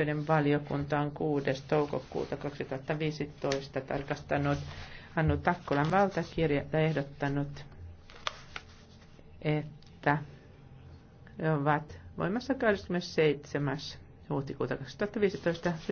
Oikeuden valiokunta on 6. toukokuuta 2015 tarkastanut Hannu Takkolan valtakirja ja ehdottanut, että ne ovat voimassa 27. huhtikuuta 2015